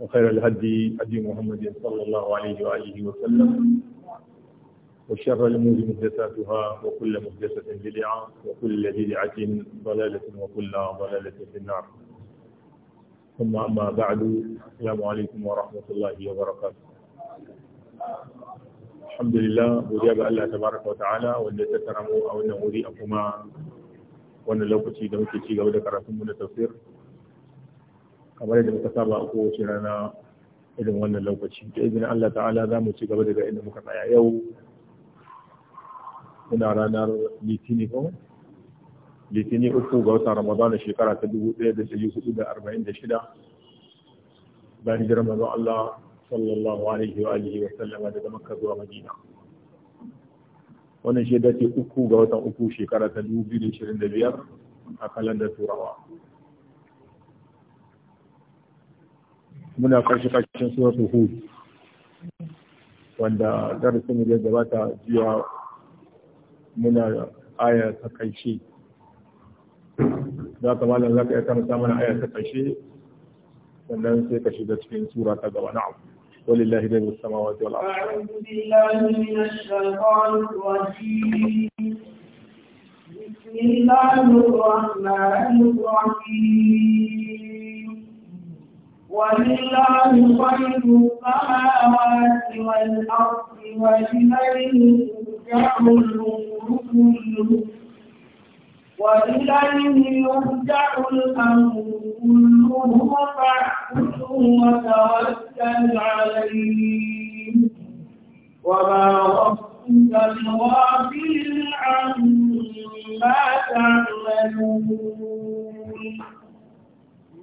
وخير الهدي هدي محمد صلى الله عليه وآله وسلم وشر الأمور محدثاتها وكل محدثة بدعة وكل بدعة ضلالة وكل ضلالة في النار ثم أما بعد السلام عليكم ورحمة الله وبركاته الحمد لله وجاب الله تبارك وتعالى وأن تكرموا أو أنه أقوما وأن لو كنت دمت تشيغ ودكرتم من التفسير kamar yadda muka saba a kowace rana irin wannan lokaci da izinin Allah ta'ala za mu ci gaba daga inda muka tsaya yau muna ranar litini ko litini uku ga watan ramadan shekara ta dubu ɗaya da ɗari hudu da arba'in da shida bayan hijirar manzon Allah sallallahu alaihi wa alihi wa sallama daga makka zuwa madina wannan shaida ce uku ga watan uku shekara ta dubu biyu da ishirin da biyar a kalandar turawa muna karshe karshen suratu hud wanda darasin da gabata jiya muna aya ta karshe za ka malam za ka iya karanta mana aya ta karshe sannan sai ka shiga cikin sura ta gaba na'am ولله غير السماوات والارض اعوذ بالله من الشيطان الرجيم بسم الله الرحمن الرحيم ولله غير السماوات والأرض وإليه ترجع الأمور كله وإليه يرجع الأمر كله فاعبده وتوكل عليه وما ربك بغافل عما تعملون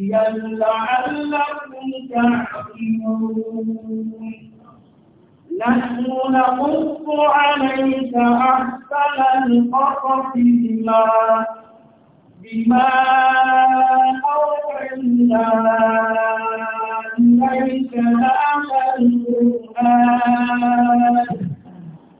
نسيا لعلكم تعقلون نحن نقص عليك أحسن القصص بما بما أوحينا إليك هذا القرآن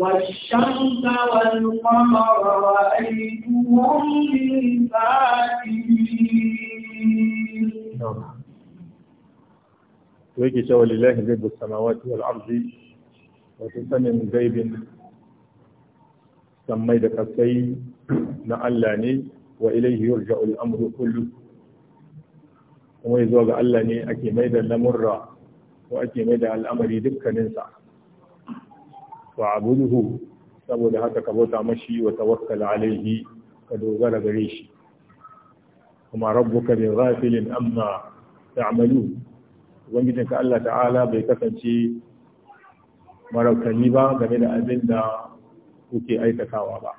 والشمس والقمر رأيتهم بالفاتحين ويكي شاء لله غيب السماوات والأرض وتسمي من غيب سميت كسي نعلاني وإليه يرجع الأمر كله kuma yi zuwa ga Allah ne ake mai da lamurra wa abuduhu saboda haka ka bauta mashi wa tawakkal alaihi ka dogara gare shi kuma rabbuka bi ghafilin amma ta'malu ubangijin ka Allah ta'ala bai kasance marakani ba game da abin da kuke aikatawa ba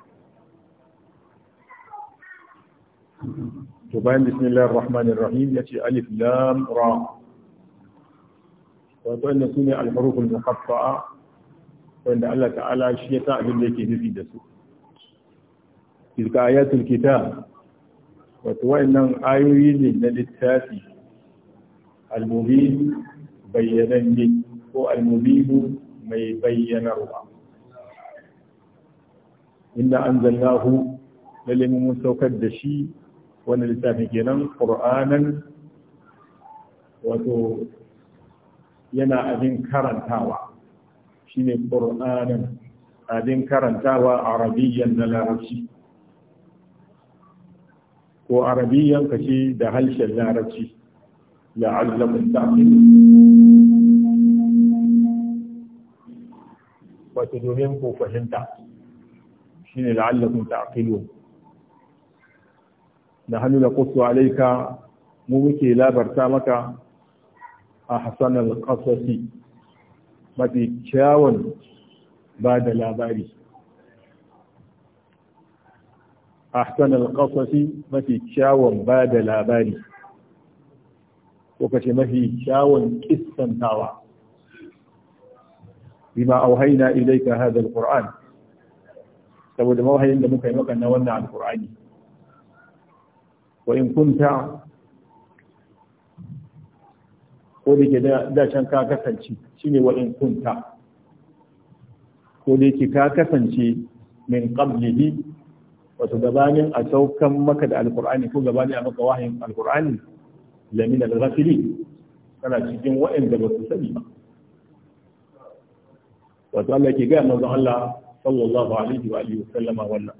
to bayan bismillahir rahmanir rahim yace alif lam ra wato inda sune al-huruf al-muqatta'a wanda Allah ta'ala shi ya sa abin da yake nufi da su tilka ayatul kitab wato wayannan ayoyi ne na littafi al-mubin bayyananne ko al-mubin mai bayyanarwa inna anzalnahu lalle mun saukar da shi wannan littafin kenan qur'anan wato yana abin karantawa shine qur'anan abin karantawa arabiyyan da larabci ko arabiyyan ka ce da harshen larabci la'allakum ta'qilun wato domin ku fahimta shine la'allakum ta'qilu da hannu da kusu alaika mu muke labarta maka a hasanar kasasi mafi kyawun ba da labari ahsan alƙasasi mafi kyawun ba da labari ko kace mafi kyawun kissantawa bima auhaina ilayka hadha alquran saboda mawahayin da muka yi maka na wannan alqurani wa in kunta ko da ke da can ka kasance shine wa in kunta ko da yake ka kasance min qablihi wato gabanin a saukan maka da alqur'ani ko gabanin a maka wahayin alqur'ani lamin al-ghafili kana cikin waɗanda ba su sani ba wato Allah ke ga manzon Allah sallallahu alaihi wa alihi wasallama wannan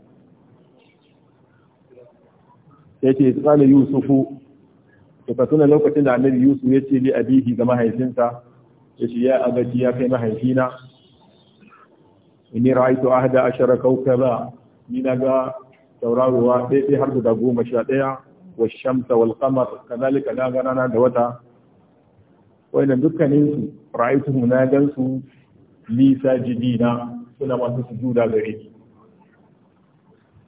yace tsala yusufu to ka lokacin da annabi yusuf ya ce li abihi ga mahaifinsa ya ce ya abati ya kai mahaifina inni ra'aitu ahda ashara kawkaba ni naga tauraruwa sai sai har guda goma sha ɗaya wa shamsa wal qamar kazalika na ga rana da wata wannan dukkanin su ra'aitu na gan su li sajidina suna masu sujuda gare ni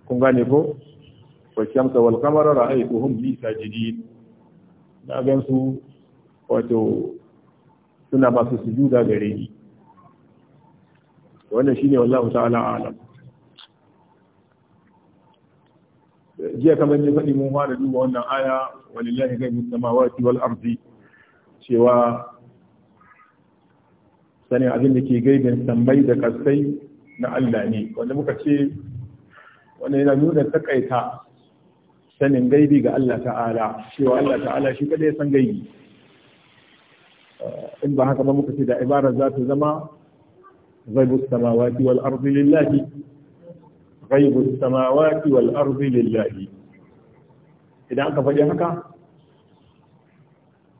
kun gane ko wa shamsa wal qamar ra'aytuhum li sajidin na gan su wato suna su sujuda gare ni wannan shine wallahu ta'ala alam jiya kamar ne faɗi mun fara duba wannan aya walillahi ghaibu samawati wal ardi cewa sanin abin da ke gaibin sammai da kasai na Allah ne wanda muka ce wannan yana nuna takaita sanin gaibi ga Allah ta'ala cewa Allah ta'ala shi kadai san gaibi in ba haka ba muka ce da ibara za ta zama ghaibus samawati wal ardi lillahi ghaibus samawati wal ardi lillahi idan aka faɗi haka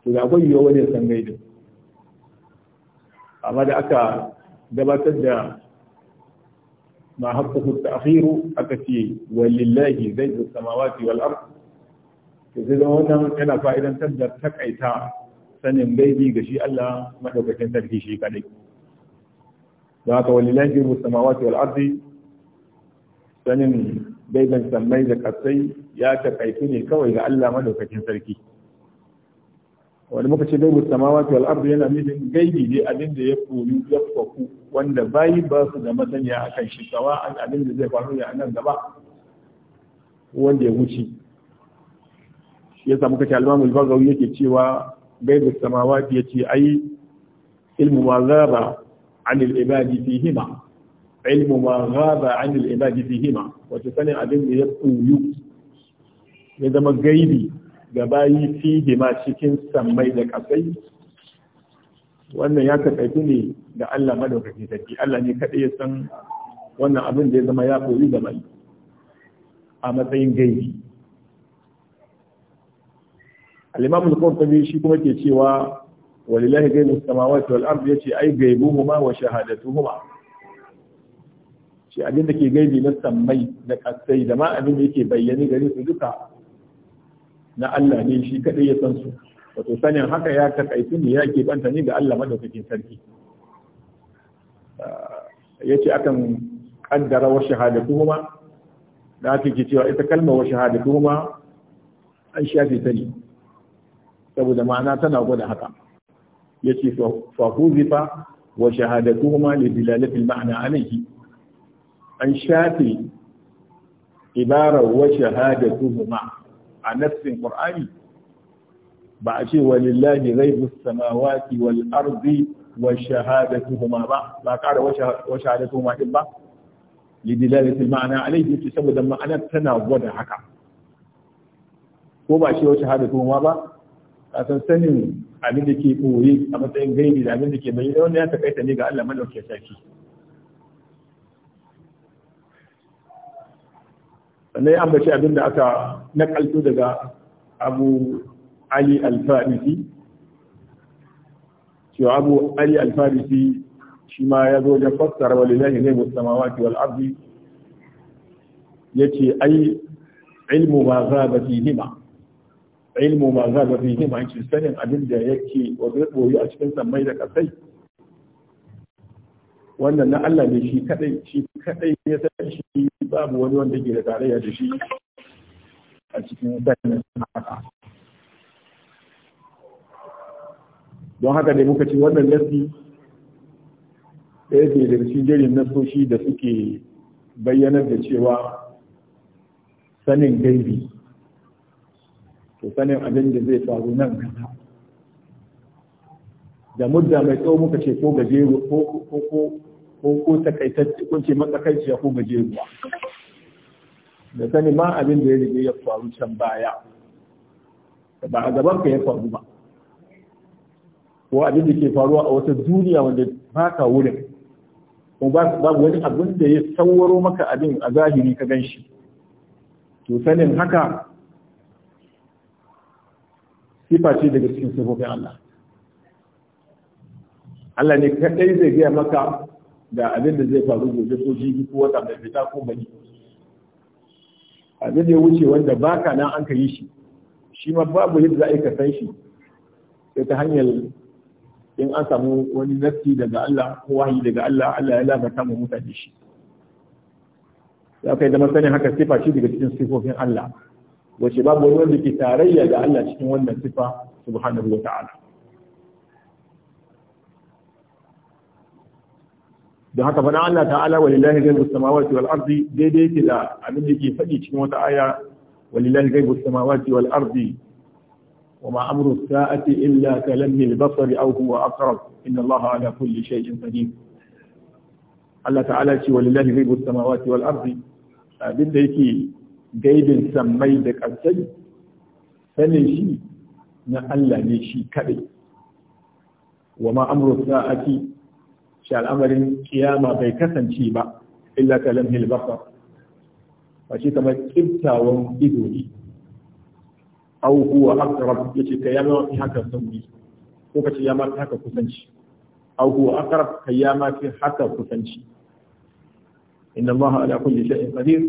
to da akwai yiwuwa ne san gaidi amma da aka gabatar da ma haƙƙaƙu ta'akhiru aka ce walillahi zai samawati wal ard to sai zama wannan yana fa'idantar da takaita sanin gaibi ga shi Allah madaukakin sarki shi kadai da haka wani jirgin samawati wal ardi sanin gaiban sammai da kasai ya kaifi ne kawai ga Allah madaukakin sarki wani muka ce gaibu samawati wal ardi yana nufin gaibi ne abin da ya koyu ya faku wanda bayi ba su da masaniya akan shi an abin da zai faru ya a nan gaba wanda ya wuce yasa muka ce al-Imam al-Baghawi yake cewa gaibu samawati yace ai ilmu ma ghaba ibadi fihima ilmu ma sanin abin da ya koyu ya zama gaibi ga bayi fihima cikin mai da kasai wannan ya takaitu ne da Allah madaukaki sarki Allah ne kadai ya san wannan abin da ya zama ya koyi ga mai a matsayin gaibi al-imam al-qurtubi shi kuma ke cewa walillahi ghaibu samawati wal ardi yace ai ghaibuhuma wa shahadatuhuma shi abin da ke gaibi na sammai da kasai da ma abin da yake bayyane gare su duka na Allah ne shi kadai ya san su wato sanin haka ya takaitu ne ya ke banta ne ga Allah madaukakin sarki ah, yace akan kaddara wa shahadatuhuma da ake cewa ita kalmar wa shahadatuhuma an shafe ta saboda ma'ana tana gwada haka yace fa huzifa wa shahadatuhuma li dilalati al-ma'na alayhi an shafi ibara wa shahadatuhuma a nafsin qur'ani ba a ce walillahi ghaibus samawati wal ardi wa shahadatuhuma ba ba kara wa shahadatuhuma din ba lidilalati al-ma'na alayhi saboda ma'ana tana gwada haka ko ba shi wa shahadatuhuma ba a san sanin abin da ke koyi a matsayin gaibi da abin da ke bayyana wanda ya takaita ne ga Allah madaukakin sarki sannan ya ambaci abin da aka nakalto daga abu ali alfarisi cewa abu ali alfarisi shi ma ya zo da fassara walilahi ne musamman wal ardi ya ce ai ilmu ba za ba fi nima ilmu ma za ga fiye ma yake sanin abin da yake wato a cikin samai da kasai wannan na Allah ne shi kadai shi kadai ya san shi babu wani wanda ke da tarayya da shi a cikin sanin haka don haka dai muka ce wannan nasi da yake da cikin jerin nasoshi da suke bayyanar da cewa sanin gaibi to sanin abin da zai faru nan gaba da mudda mai tsawo muka ce ko gajeru ko ko ko ko ko takaitacce ko ce matsakaiciya ko gajeruwa da sani ma abin da ya rige ya faru can baya ba a gaban ka ya faru ba ko abin da ke faruwa a wata duniya wanda ba ka wurin ko babu wani abin da ya sauraro maka abin a zahiri ka gan shi to sanin haka sifa ce daga cikin sifofin Allah Allah ne kadai zai gaya maka da abin da zai faru gobe ko jibi ko wata mai fita ko bani abin da ya wuce wanda baka nan an ka yi shi shi ma babu yadda za a yi ka san shi sai ta hanyar in an samu wani nasi daga Allah ko wahayi daga Allah Allah ya labarta mu mutane shi za ka yi da masanin haka sifa shi daga cikin sifofin Allah wace babu wani wanda ke tarayya ga Allah cikin wannan sifa subhanahu wa ta'ala da haka fa Allah ta'ala walillahi ghaibu samawati wal ardi daidai yake da abin da ke faɗi cikin wata aya walillahi ghaibu samawati wal ardi وما أمر الساعة إلا كلمه البصر أو هو أقرب إن الله على كل شيء قدير Allah ta'ala ce walillahi ghaibu samawati wal ardi abin da yake gaibin sammai da ƙasai sanin shi na Allah ne shi kaɗai wa ma amru sa'ati shi al'amarin kiyama bai kasance ba illa kalam hilbasa ba shi kamar kiftawan ido ne au huwa aqrab yace ka yama fi haka sauri ko ka ce yama fi haka kusanci au huwa aqrab ka yama fi haka kusanci inna allaha ala kulli shay'in qadir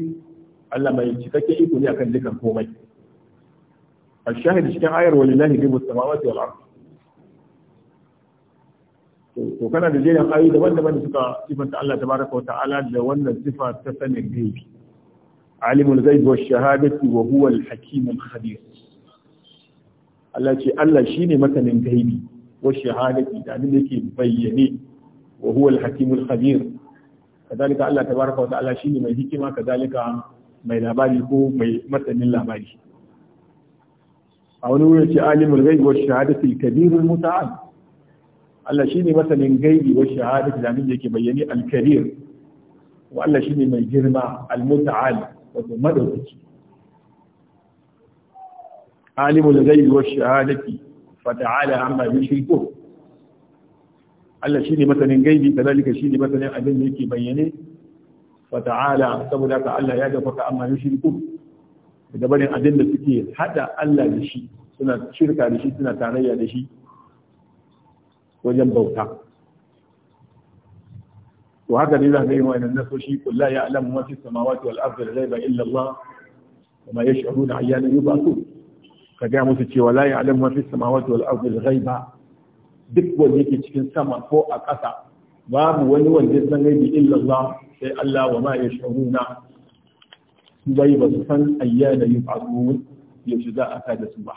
Allah mai cikakken iko ne akan dukan komai الشاهد cikin ayar walillahi ghibu samawati wal ardh to kana da jerin ayoyi daban-daban da suka sifanta Allah tabaraka wa ta'ala da wannan sifa ta sanin gaibi alimul ghaib wash shahadati wa huwa al hakim al Allah ce Allah shine masanin gaibi wash shahadati da yake bayyane wa huwa al kadalika Allah tabaraka wa ta'ala shine mai hikima kadalika mai labari ko mai matsanin labari a wani wuri ce alimul gaibi wa shahadatul kabirul muta'al Allah shine masanin gaibi wa shahadatul amin da yake bayyane al-kabir wa Allah shine mai girma al-muta'al wato madauki. alimul gaibi wa shahadati fata'ala amma yushrikun Allah shine masanin gaibi kadalika shine masanin abin da yake bayyane Wata'ala saboda ka Allah ya gafaka amma yushriku daga barin abin da suke hada Allah da shi suna shirka da shi suna tarayya da shi wajen bauta to haka ne za ka yi wa'annan nasoshi qul la ya'lamu ma fis samawati wal ardi ghaiba illa Allah wa ma yash'uruna ayyana su. ka gaya musu cewa la ya'lamu ma fis samawati wal ardi ghaiba duk wanda yake cikin sama ko a ƙasa babu wani wanda ya san gaibi illa Allah sai Allah wa ma ya shahuna bai ba su san ayyana yi faruwar ya za a kada da su ba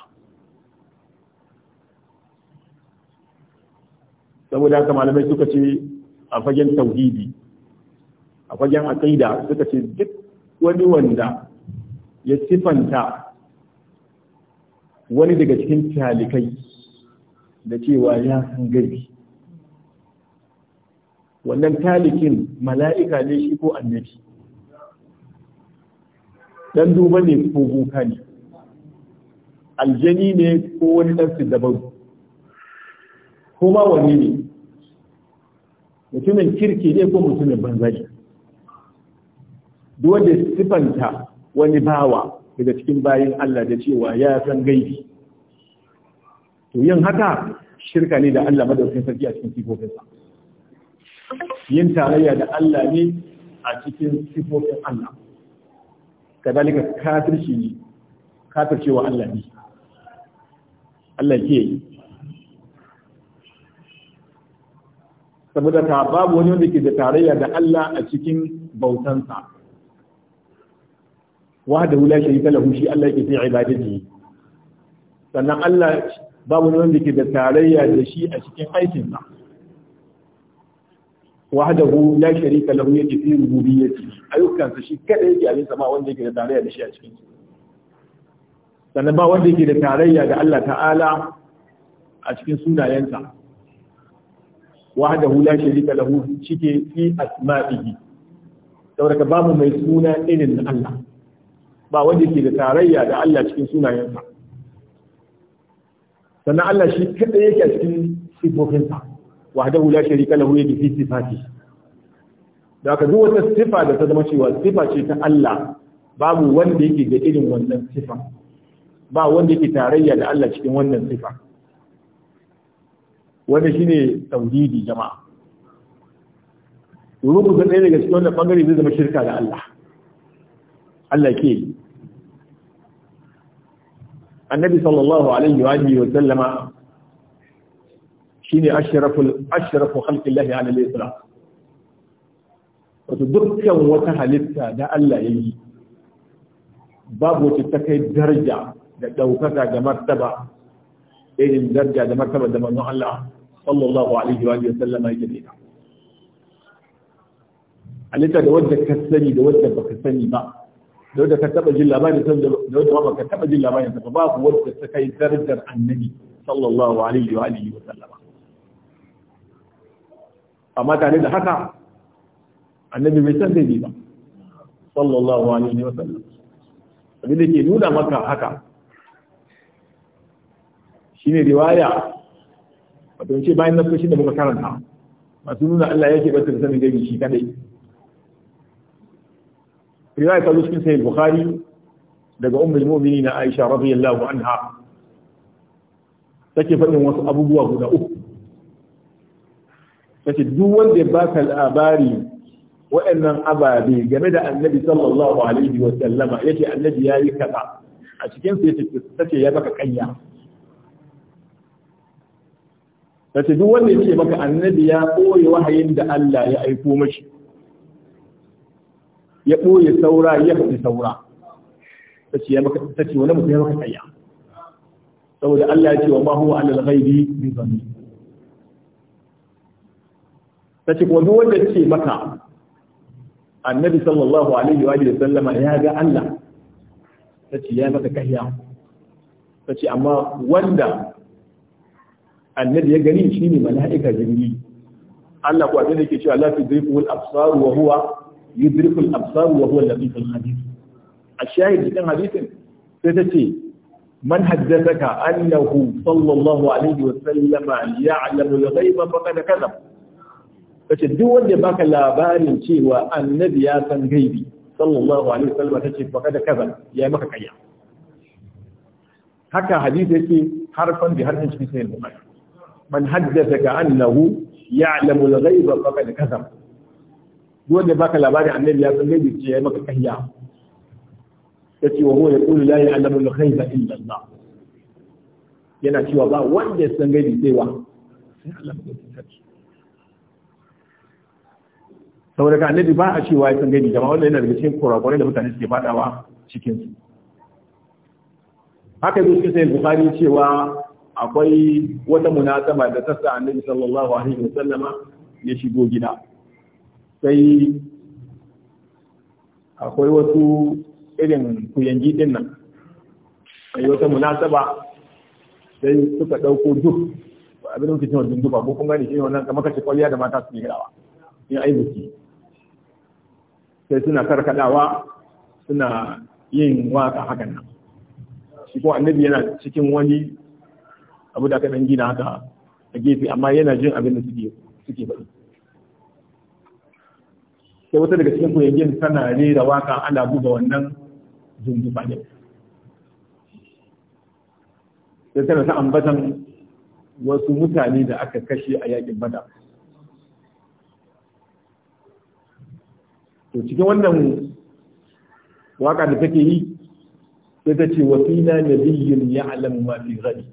saboda haka malamai suka ce a fagen tauhidi a fagen aqida suka ce duk wani wanda ya sifanta wani daga cikin talikai da cewa ya san gari wannan talikin mala'ika ne shi ko annabi dan duba ne ko guka ne aljani ne ko wani ɗan daban ko ma wani ne mutumin kirki ne ko mutumin banza duwa da sifanta wani bawa daga cikin bayan Allah da cewa ya san gaibi to yin haka shirka ne da Allah madaukin sarki a cikin sifofinsa yin tarayya da Allah ne a cikin sifofin Allah kadalika kafirci ne wa Allah ne Allah ke yi saboda ta babu wani wanda ke da tarayya da Allah a cikin bautansa wahda la sharika lahu shi Allah ke fi ibadati sannan Allah babu wani wanda ke da tarayya da shi a cikin aikinsa wahdahu la sharika lahu yake fi rububiyyati ayyukansa shi kada yake abin sama wanda yake da tarayya da shi a cikin sannan ba wanda yake da tarayya da Allah ta'ala a cikin sunayensa wahdahu la sharika lahu shike fi asma'ihi saboda babu mai suna irin na Allah ba wanda yake da tarayya da Allah cikin sunayensa sannan Allah shi kada yake a cikin sifofinsa wahdahu la sharika lahu yadi fi sifati da ka duk wata sifa da ta zama cewa sifa ce ta Allah babu wanda yake da irin wannan sifa ba wanda yake tarayya da Allah cikin wannan sifa wanda shine tauhidi jama'a rubu da ɗaya daga cikin wannan bangare zai zama shirka da Allah Allah ke annabi sallallahu alaihi wa alihi wa sallama كيني أشرف أشرف خلق الله على الإطلاق وتدرك وتهلت دا الله يلي باب وتتكي درجة لو كتا جمرتبة إيه الدرجة جمرتبة دا من الله صلى الله عليه وآله وسلم أي جديد أن أنت دودة كسني دودة بكسني ما دودة كتب جل ما دودة ما كتب جل ما ينتبه باب وتتكي درجة النبي صلى الله عليه وآله وسلم amma tare da haka annabi bai san daidai ba sallallahu alaihi wa sallam abin da ke nuna maka haka shine riwaya wato ce bayan na kushin da muka karanta masu nuna Allah yake batar sanin gari shi kadai riwaya ta cikin sahih bukhari daga ummul mu'minin Aisha radiyallahu anha take faɗin wasu abubuwa guda uku kace duk wanda ya baka labari waɗannan ababe game da annabi sallallahu alaihi wa sallama yace annabi yayi kaza a cikin su yace tace ya baka kanya kace duk wanda yace maka annabi ya koyi wahayin da Allah ya aiko mashi ya ɓoye saura ya faɗi saura ta ce wani mutum ya maka tsaya saboda Allah ya ce wa ma huwa alal ghaibi bi zanni ta ce kuma duk wanda ce maka annabi sallallahu alaihi wa sallama ya ga Allah ta ce ya maka kahiya ta ce amma wanda annabi ya gani shi shine mala'ika jirgi Allah kuwa sai yake cewa la tudriku al-absar wa huwa yudriku al-absar wa huwa al-latif al-hadith a shahid cikin hadisin sai ta ce man haddathaka annahu sallallahu alaihi wa sallama ya'lamu al-ghaiba faqad kadhaba tace duk wanda baka labarin cewa annabi ya san gaibi sallallahu alaihi wasallam tace baka da kaza ya maka kayya haka hadisi yake harfan bi harfin cikin sahih bukhari man ka annahu ya'lamu al-ghaiba faqad kazab duk wanda baka labarin annabi ya san gaibi ce ya maka kayya yace wa huwa yaqulu la ya'lamu al-ghaiba illa Allah yana cewa ba wanda ya san gaibi sai wa sai Allah ya san saboda ka annabi ba a cewa ya san gani jama'a wannan yana daga cikin kurakurai da mutane suke fadawa cikin su haka zo cikin sahih bukhari cewa akwai wata munasaba da ta sa annabi sallallahu alaihi wasallama ya shigo gida sai akwai wasu irin kuyangi din nan sai wata munasaba sai suka dauko duk abin da kuke cewa dunduba ko kun gane shi wannan kamar ce kwalliya da mata su yi rawa in ai biki sai suna karkadawa suna yin waka hakan nan shi ko annabi yana cikin wani abu da aka dan gina haka a gefe amma yana jin abin da suke suke faɗi sai wata daga cikin koyayyen tana rera waka ana buga wannan zunzufa ne sai tana ta ambatan wasu mutane da aka kashe a yakin bada. to cikin wannan waka da take yi sai ta ce wasina nabiyyun ya'lamu ma fi ghadi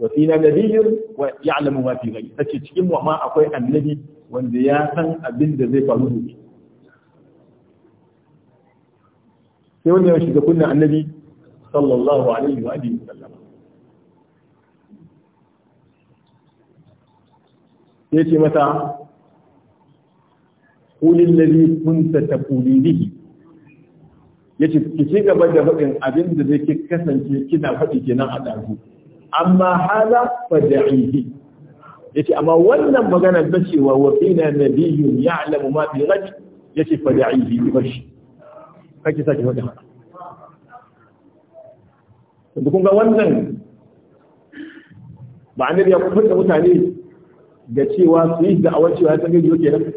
wasina nabiyyun wa ya'lamu ma fi ghadi tace cikin mu ma akwai annabi wanda ya san abin da zai faru gobe sai wanda ya shiga kunna annabi sallallahu alaihi wa alihi wasallam sai ce masa kulin ladhi kunta taquli bihi yace ki ci gaba da faɗin abin da zai kasance kina faɗi kenan a ɗazu amma hala fada'ihi ce amma wannan magana ta cewa wa fina nabiyyun ya'lamu ma bi ghad yace fada'ihi ki barshi kake saki faɗi haka to kun ga wannan ba ya kuma mutane ga cewa su yi da'awar cewa san gaji kenan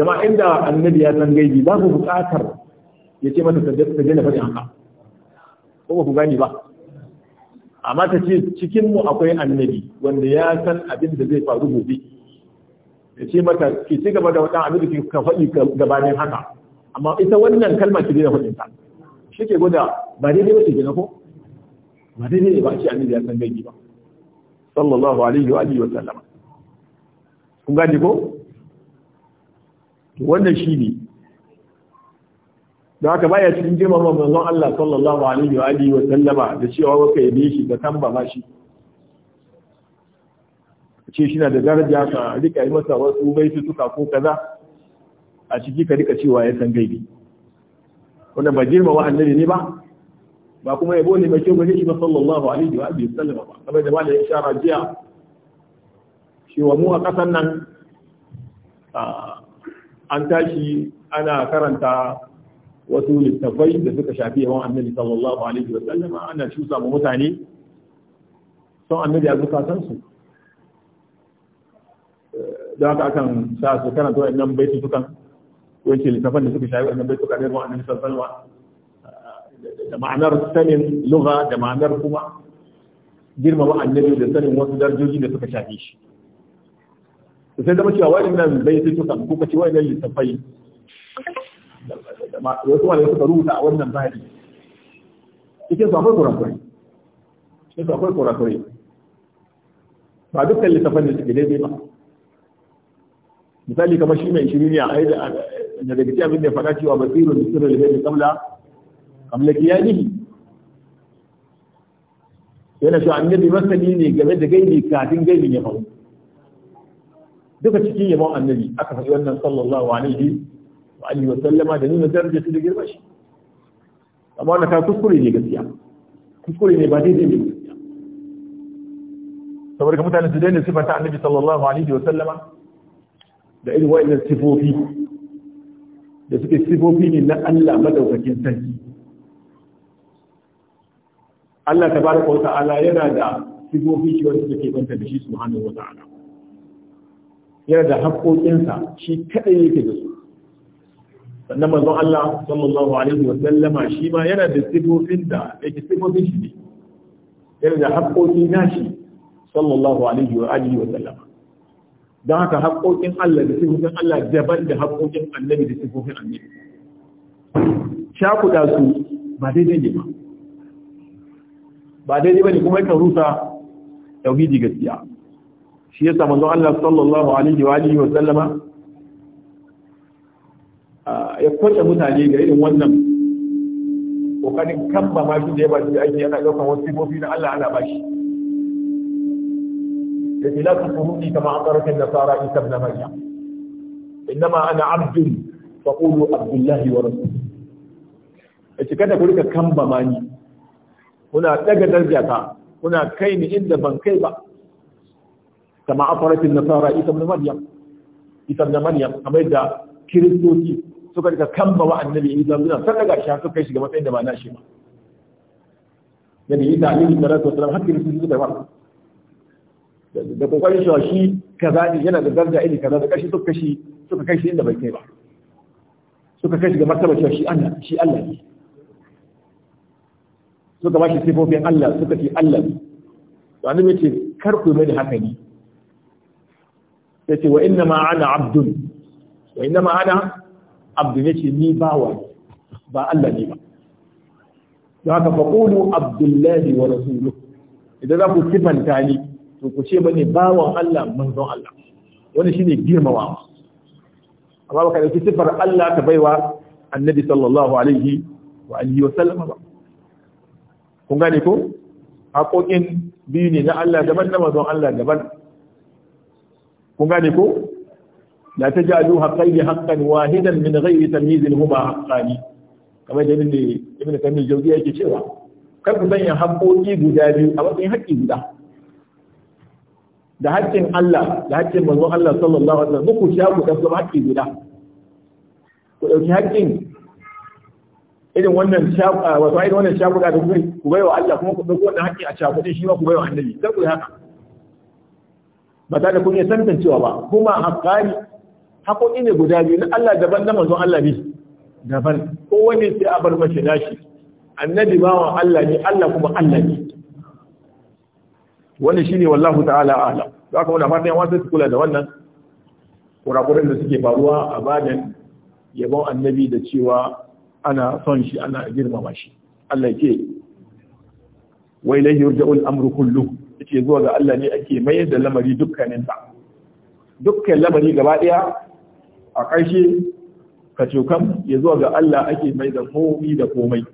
jama'a inda annabi ya san gaibi ba ku buƙatar ya ce mata ta daina faɗin haka ko ba ku gani ba amma ta ce cikin mu akwai annabi wanda ya san abin da zai faru gobe ya ce mata ki ci gaba da wadan abin da kika faɗi gabanin haka amma ita wannan kalma ki daina faɗin ta shi ke gwada ba daidai ba ce gina ko ba daidai ba ce annabi ya san gaibi ba sallallahu alaihi wa alihi wa sallam kun gani ko Wannan shi ne. da aka baya cikin girmama manzon Allah sallallahu alaihi wa alihi wa sallama da cewa waka yabe shi da tamba ma shi ce shi na da daraja ka rika yi masa wasu baiti suka ko kaza a ciki ka rika cewa ya san gaibi wannan ba wa annabi ne ba ba kuma yabo ne mai kyau ga shi ba sallallahu alaihi wa alihi wa sallama ba kamar da malamin ishara jiya cewa mu a kasan nan an tashi ana karanta wasu littafai da suka shafi yawan annabi sallallahu alaihi wa sallama ana cusa ma mutane son annabi a zukatansu da haka akan sa su karanta wa'annan baitu sukan wanke littafan da suka shafi wa'annan baitu suka yawan annabi sallallahu alaihi da ma'anar sanin lugha da ma'anar kuma girmama annabi da sanin wasu darjoji da suka shafi shi to sai zama cewa waɗannan baitutukan ko kace waɗannan littafai kuma da suka rubuta a wannan babi cikin su akwai kurakure cikin su akwai kurakure ba dukkan littafan da suke daidai ba misali kamar shi mai shirini a aida da daga cikin abin da ya faɗa cewa basirun da sirrin da kamla kamla kiyanihi yana shi annabi masani ne game da gaibi kafin gaini ya faru duka cikin yabon annabi aka faɗi wannan sallallahu alaihi wa alihi wa sallama da nuna darajar su da girma shi amma wannan ka kuskure ne gaskiya kuskure ne ba dai ne gaskiya saboda ka mutane su daina sifanta annabi sallallahu alaihi wa sallama da irin wa'annan sifofi da suke sifofi ne na Allah madaukakin sarki Allah tabaraka wa ta'ala yana da sifofi shi wanda suke banta da shi subhanahu wa ta'ala yana da haƙoƙinsa shi kaɗai yake da su sannan mazan Allah sallallahu alaihi wa sallama shi ma yana da sifofin da yake sifofin shi ne yana da haƙoƙi nashi sallallahu alaihi wa alihi wa sallama don haka haƙoƙin Allah da sifofin Allah daban da haƙoƙin annabi da sifofin annabi shakuda su ba daidai ne ba ba daidai ba ne kuma yakan rusa tauhidi gaskiya shi yasa manzo Allah sallallahu alaihi wa alihi wa sallama ya kwace mutane ga irin wannan kokarin kamba ma shi da ya ba shi aiki yana ɗaukar wasu sifofi na Allah ana bashi da tilaka kuhuni kama an tsarafin nasara isa na mariya innama ana abdun faƙulu abdullahi wa rasul a cika da kurka kamba ma ni kuna ɗaga darjata kuna kai ni inda ban kai ba kama afaratin nasara isa ibn maryam isa ibn maryam kamar da kiristoci suka rika kamba wa annabi isa suna san daga shi suka kai shi ga matsayin da ba na shi ba yani isa alaihi salatu wasalam har kiristoci suka yi wa da kokarin shi shi kaza ne yana da daraja iri kaza da kashi suka kashi suka kai shi inda bai kai ba suka kai shi ga martaba cewa shi Allah shi Allah ne suka ba shi sifofin Allah suka ce Allah ne to annabi ce kar ku mai da haka ne yace wa inna ma ana abdun wa inna ma ana abdun yace ni bawa ba Allah ne ba Da haka fa qulu abdullahi wa rasuluhu idan za ku sifanta ni to ku ce bane bawan Allah manzon Allah wannan shine girmamawa amma baka dauki sifar Allah ta baiwa annabi sallallahu alaihi wa alihi wa sallam ba kun gane ko haƙoƙin biyu ne na Allah daban na manzon Allah daban kun gane ko la tajalu haqqaini haqqan wahidan min ghairi tamyizin huma haqqani kamar da ibn ibn kamil jawziya yake cewa kar ku sanya haƙoƙi guda biyu a matsayin haƙƙi guda da haƙƙin Allah da haƙƙin manzon Allah sallallahu alaihi wasallam ku sha ku kasu haƙƙi guda ku dauki haƙƙin irin wannan shafa wato irin wannan shafuka da ku bai wa Allah kuma ku dauko wannan haƙƙi a shafuɗin shi ma ku bai wa annabi sai ku haka ba ta da kun iya tantancewa ba kuma haƙari haƙoƙi ne guda biyu na Allah daban na manzon Allah ne daban wani sai a bar mashi nashi annabi bawan Allah ne Allah kuma Allah ne wannan shine wallahu ta'ala a'lam za ka muna fatan wasu su kula da wannan kurakuran da suke faruwa a bayan yabon annabi da cewa ana son shi ana girmama shi Allah ke wa ilayhi amru kulluhu suke zuwa ga Allah ne ake mayar da lamari dukkanin ta dukkan lamari gaba daya a ƙarshe ka cokan ya zuwa ga Allah ake mai da komai da komai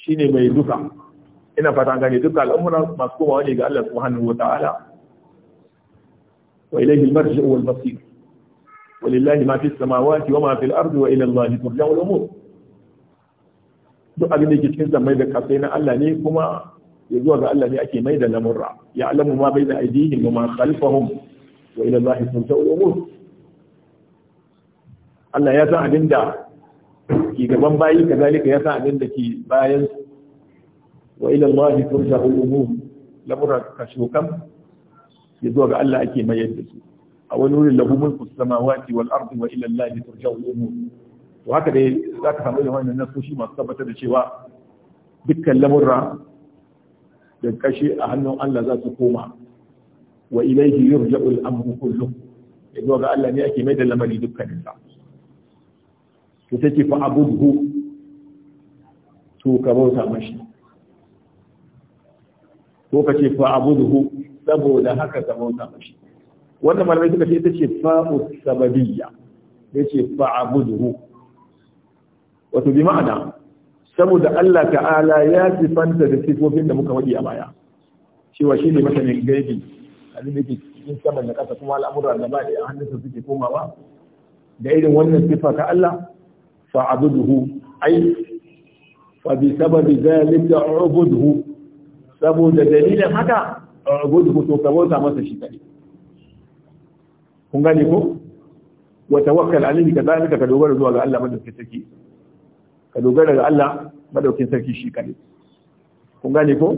shine mai duka ina fata gane dukkan al'amuran masu komawa ne ga Allah subhanahu ta'ala wa ilayhi al-marji'u wal basir wa ma fi al-ardi wa ila Allah turja'u al-umur duk abin da ke cikin zamai da kasai na Allah ne kuma ya zuwa ga Allah ne ake mai da lamurra ya alamu ma bai da aidihim wa ma khalfahum wa ila Allah tuntaul umur Allah ya san abin da ke gaban bayi kazalika ya san abin da ke bayan wa ila Allah tuntaul umur lamurra kashukan ya zuwa ga Allah ake mayar da su a wani wurin lahu mulku samawati wal ardi wa ila Allah turja'ul umur to haka dai zaka samu da wannan nasoshi masu tabbatar da cewa dukkan lamurra da kashi a hannun Allah za su koma wa ilaihi yurja'u al-amru kullu yanzu ga Allah ne ake mai da lamari dukkanin sa to take fa abudhu to ka bauta mashi ko ka ce fa abudhu saboda haka ka bauta mashi wannan malamai suka ce ita ce fa'u sababiyya ce fa abudhu wato bi ma'ana saboda Allah ta'ala ya sifanta da sifofin da muka wadi a baya cewa shi ne masanin gaibi a da ke cikin saman da ƙasa kuma al'amuran da ba a hannunsa suke komawa da irin wannan sifa ta Allah fa'abuduhu ai fa bi sababi zalika ubuduhu saboda dalilin haka ubuduhu to ka masa shi kadai kun gane ko wa tawakkal alayhi kadhalika ka dogara zuwa ga Allah madaukakin sarki ka dogara ga Allah madaukin sarki shi kadai kun gane ko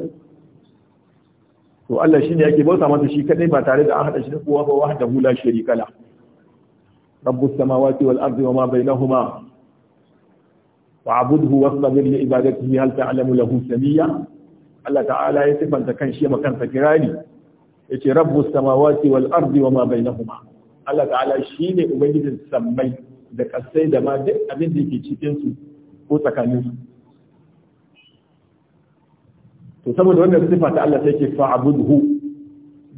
to Allah shine yake bauta masa shi kadai ba tare da an hada shi da kowa ba wahda hula sharika la rabbus samawati wal ardi ma bainahuma wa'budhu wasbir li ibadatihi hal ta'lamu lahu samia Allah ta'ala ya sifanta kan shi makan sa kirari yace rabbus samawati wal ardi ma bainahuma Allah ta'ala shine ubangijin sammai da kasai da ma duk abin da yake cikin su ko tsakanin su to saboda wannan sifa ta Allah ke fa'budhu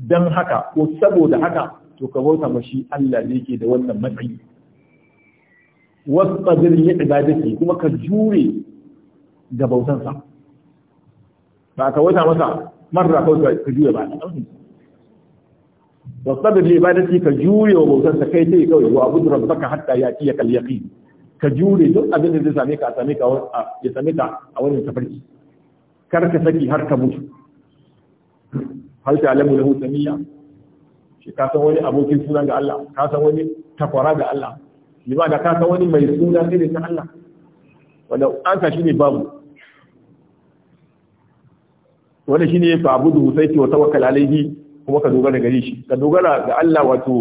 dan haka ko saboda haka to ka bauta mashi Allah ne yake da wannan matsayi wasabir li ibadati kuma ka jure ga bautansa ba ka wata masa marra kawai ka jure ba wasabir li ibadati ka jure wa bautansa kai sai kawai wa abudu rabbaka hatta ya'tiyaka al-yaqin ka jure duk abin da zai same ka a same ka ya same ka a wani tafarki kar ka saki har ka mutu hal ta alamu lahu samiyya shi ka san wani abokin suna ga Allah ka san wani takwara ga Allah shi ba da ka san wani mai suna ne ta Allah wanda an sa shi ne babu wanda shine fa abudu sai ki wa tawakkal alaihi kuma ka dogara gare shi ka dogara ga Allah wato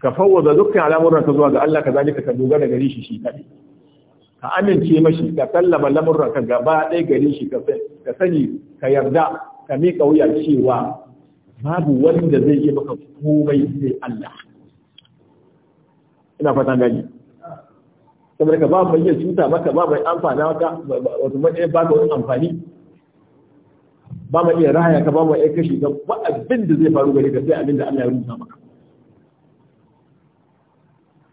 ka da dukkan al'amuran ka zuwa ga Allah ka zalika ka dogara gare shi shi kadai ka amince mashi ka sallama lamurran ka gaba ɗaya gare shi ka sani ka yarda ka miƙa wuya cewa babu wanda zai yi maka komai sai Allah ina fata gani saboda ka ba mai yin cuta maka ba mai amfana maka wato mai ba ka wani amfani ba mai iya rahaya ka ba mai iya kashi ka ba abin da zai faru gare ka sai abin da Allah ya rubuta maka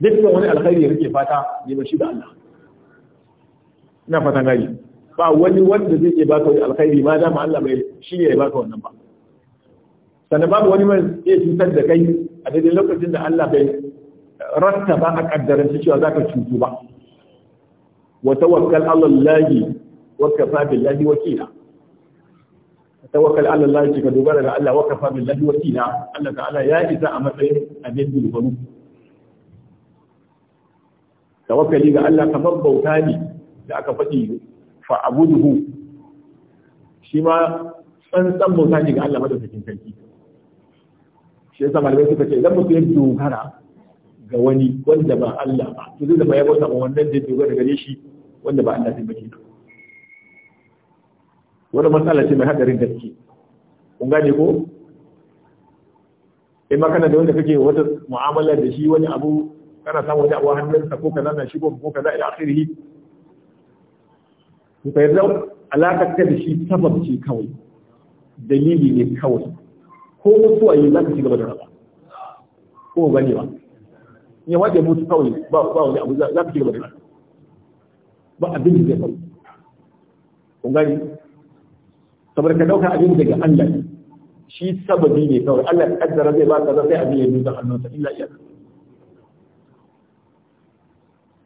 Duk da wani alkhairi yake fata ya bashi da Allah ina fata gani ba wani wanda zai iya baka wani alkhairi ma dama Allah bai shi ne ya baka wannan ba sannan babu wani mai zai cutar da kai a daidai lokacin da Allah bai rasta ba a kaddaran cewa zaka cutu ba wa tawakkal ala Allah wa kafa billahi wakila tawakkal ala Allah ka dogara ga Allah wa kafa billahi wakila Allah ta'ala ya isa a matsayin abin dulbanu tawakkali ga Allah kamar bauta ne da aka faɗi fa abuduhu shi ma tsantsan bauta ne ga Allah madaukakin sarki shi yasa malamai suka ce idan mutum ya dogara ga wani wanda ba Allah ba to zai zama ya bauta ma wannan da dogara gare shi wanda ba Allah sai bace wani matsala ce mai hadarin gaske kun gane ko in ma da wanda kake wata mu'amala da shi wani abu kana samu wani abu a hannunsa ko kaza na shigo ko kaza ila akhirih to fa yanzu alaka ta da shi sabab ce kawai dalili ne kawai ko mutuwa ayi zaka ci gaba da raba ko gani ba ya waje mutu kawai ba ba wani abu zaka ci gaba da raba ba abin da zai faru ku gani saboda ka dauka abin daga Allah shi sababi ne kawai Allah ya kaddara zai ba ka sai abin ya nuna hannunsa illa iyaka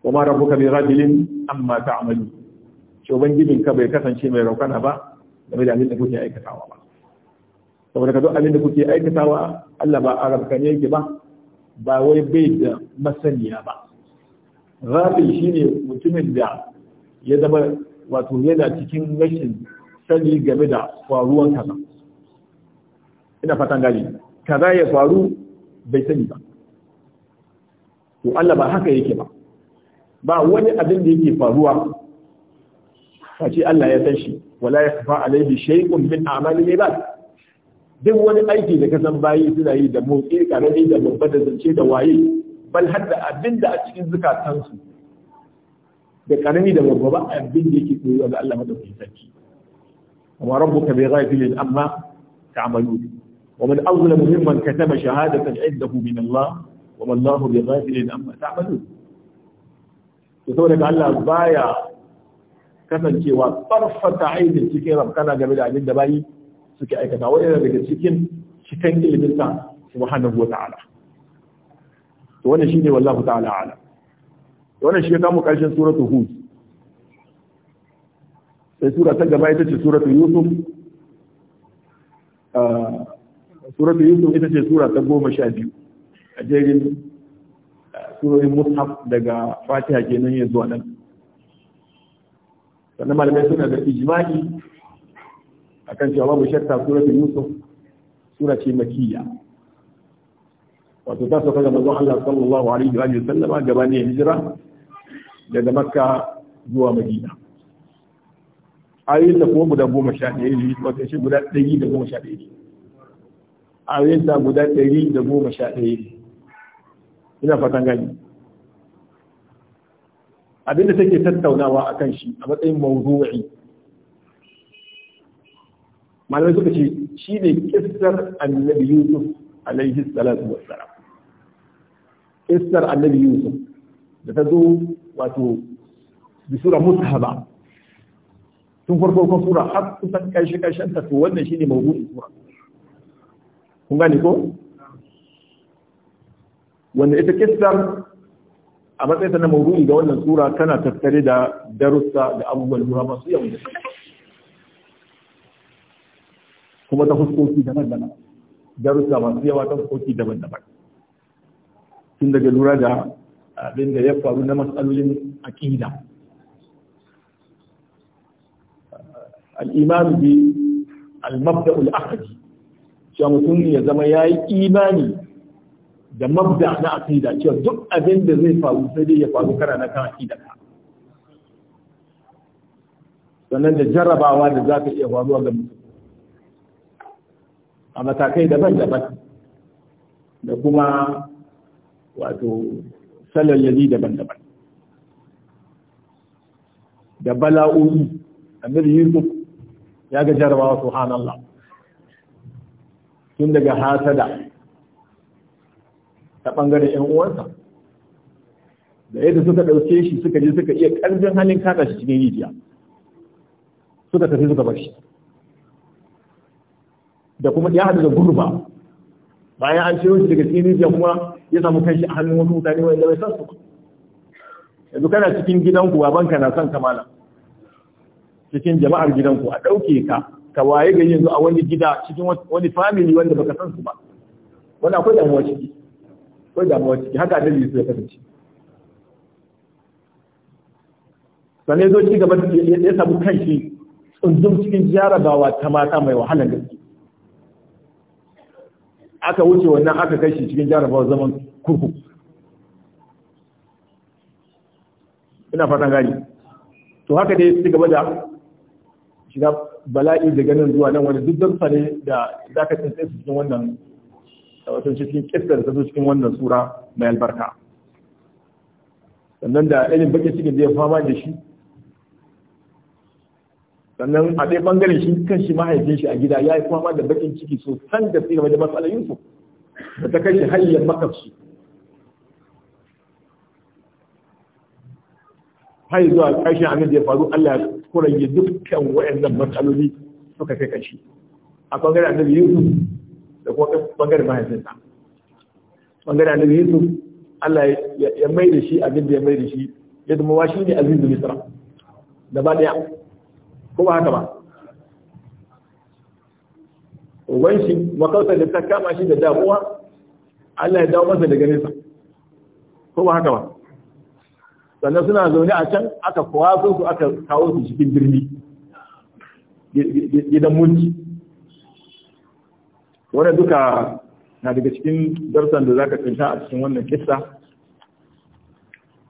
wa ma rabbuka bi ghafilin amma ta'malu shi ubangijin ka bai kasance mai raukana ba game da abin da kuke aikatawa ba saboda ka abin da kuke aikatawa Allah ba arabka ne yake ba ba wai bai da masaniya ba ghafil shine mutumin da ya zama wato yana cikin rashin sani game da faruwan kaza ina fatan gaji. kaza ya faru bai sani ba to Allah ba haka yake ba ba wani abin da yake faruwa face Allah ya san shi wala yakfa alaihi shay'un min a'malil ibad duk wani aiki da ka san bayi suna yi da motsi karami da babba da zance da waye bal hadda da abin da a cikin zukatansu da karami da babba ba abin da yake koyo ga Allah madaukakin sarki wa rabbuka bi ghafilin amma ta'malun wa man azlamu mimman katama shahadatan 'indahu min Allah wa man Allahu bi ghafilin amma ta'malun to saboda ga Allah baya kasancewa tsarfata aidin cikin rafkana game da abin da bayi suke aikata wa'ina daga cikin cikin iliminsa subhanahu wa ta'ala to wannan shine wallahu ta'ala ala wannan shi mu karshen suratu hud sai sura ta gaba ita ce suratu yusuf ah, suratu yusuf ita ce sura ta goma sha biyu a jerin surorin mushaf daga fatiha kenan ya zuwa nan sannan malamai suna da ijma'i akan cewa babu shakka suratul yusuf sura ce makiyya wato ta sauka ga manzon Allah sallallahu alaihi wa sallam gabanin hijira daga makka zuwa madina ayoyin da kuma guda goma sha ɗaya ne wata shi guda ɗari da goma sha ɗaya ne ayoyin ta guda ɗari da goma sha ɗaya ne ina fatan gani abinda take tattaunawa kan shi a matsayin mawdu'i malamai suka ce shi ne kissar annabi yusuf alaihi salatu wassalam kissar annabi yusuf da ta zo wato bi sura mutahaba tun farko ko sura har kusan karshe karshen ta to wannan shine mawdu'in sura kun gane ko wanda ita kissar a matsayin na mawuri ga wannan sura tana tattare da darussa da abubuwan lura masu yawan da kuma ta fuskoki daban-daban darussa masu yawa ta fuskoki daban-daban tun daga lura da abin da ya faru na matsalolin aƙida al'imanu bi al-mabda ul-akhadi cewa mutum ya zama ya yi imani da mabda na aqida cewa duk abin da zai faru sai dai ya faru kana na kan aqida ka sannan da jarrabawa da zaka iya faruwa ga mutum a matakai daban-daban da kuma wato salallali daban-daban da bala'o'i amir yusuf ya ga jarabawa subhanallah tun daga hasada ta bangare yan uwansa da yadda suka ɗauke shi suka je suka iya ƙarfin halin kada shi cikin rijiya suka tafi suka bar shi da kuma ya haɗu da gurba bayan an ciro shi daga cikin rijiya kuma ya samu kanshi a hannun wasu mutane wanda bai san su yanzu kana cikin gidanku banka na son kamala cikin jama'ar gidanku a ɗauke ka ka waye gari yanzu a wani gida cikin wani family wanda baka san su ba wani akwai damuwa ciki da damuwa ciki haka da Yusuf ya kasance sannan zo ci gaba ya samu kanshi tsunzum cikin jarabawa ta mata mai wahala gaske aka wuce wannan aka kai shi cikin jarabawa zaman kurkuku ina fatan gani to haka dai ci gaba da shiga bala'i da ganin zuwa nan wani duk darussa ne da za ka tsince su cikin wannan wasu cikin kiskar da zo cikin wannan tsura mai albarka sannan da irin baƙin cikin zai fama da shi sannan a ɗaya ɓangaren shi kan shi mahaifin shi a gida ya yi fama da bakin ciki sosan da su game da matsalar yusuf da ta kashe hanyar makarci har zuwa ƙarshen abin da ya faru allah ya kuranye dukkan waɗannan matsaloli suka kai kashi a ɓangaren annabi yusuf da kuma bangare mahaifinsa bangare annabi yusuf Allah ya mai da shi abin da ya mai da shi ya zama wa shi ne aziz da misra da ba daya ko ba haka ba uban shi makautar da ta kama shi da damuwa Allah ya dawo masa daga nesa ko ba haka ba sannan suna zaune a can aka kwaso su aka kawo su cikin birni gidan mulki wannan duka na daga cikin darsan da ka tsinta a cikin wannan kisa.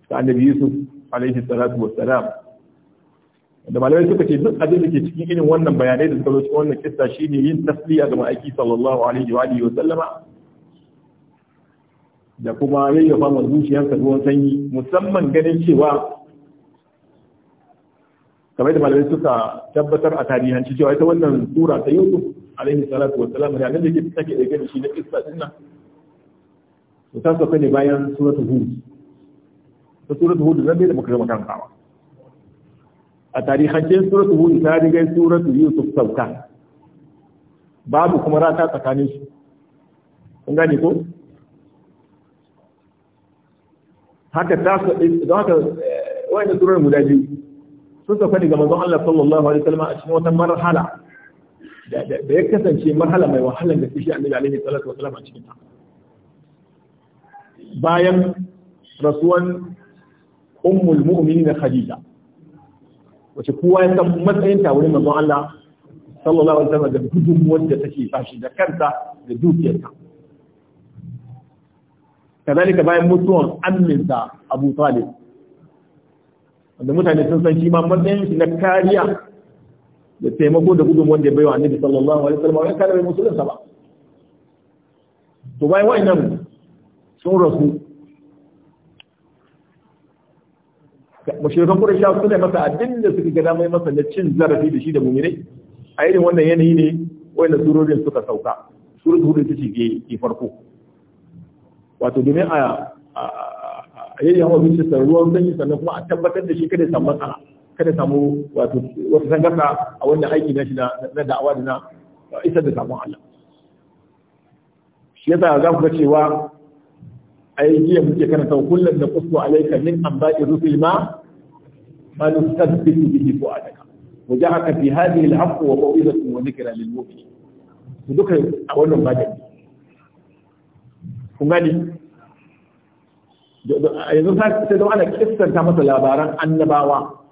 ta annabi Yusuf alaihi salatu salam da malamai suka ce duk abin da ke cikin irin wannan bayanai da suka zo cikin wannan kisa shine yin tasliya ga ma'aiki sallallahu alaihi wa alihi wa sallama da kuma yayyafa ma zuciyarsa ruwan sanyi musamman ganin cewa kamar da malamai suka tabbatar a tarihanci cewa ita wannan sura ta Yusuf alaihi salatu wassalam ranar da ke take dauke da shi na kissa din nan to ta sauka ne bayan suratul hud ta suratul hud nan da muka gama karantawa a tarihancin suratul hud ta riga suratul yusuf sauka babu kuma rata tsakanin su kun gane ko haka ta don haka wa'ina surar guda biyu sun sauka daga manzon Allah sallallahu alaihi wasallam a cikin wata marhala da ya kasance marhala mai wahala da kishi annabi alaihi salatu wasallam a cikin bayan rasuwan ummul mu'minin khadija wace kowa ya san matsayin ta wurin manzon Allah sallallahu alaihi wasallam da gudunmuwar da take bashi da kanta da dukiyarta kazalika bayan mutuwan amminsa Abu Talib wanda mutane sun san shi ma matsayin shi na kariya da taimako da gudun wanda ya baiwa annabi sallallahu alaihi wasallam wani kana bai musulunsa ba to wai nan sun rasu mashirkan ƙurashawa suna masa abin da suke gada mai masa na cin zarafi da shi da mumire a irin wannan yanayi ne wanda surorin suka sauka surat hudu ta ce ke farko wato domin a yayin hawa zuciya ruwan sanyi sannan kuma a tabbatar da shi kada ya samu matsala kada samu wato wata sangarda a wannan aiki na shi na da'awa da na isar da samun Allah shi yasa za ku ga cewa ai jiya muke karanta kullum da kusu alaika min anba'i rusul ma ma nusabbitu bihi fu'adaka وجعلك في هذه العفو وموئلة وذكرى للمؤمن duka a wannan bajan kun gani yanzu sai don ana kistanta masa labaran annabawa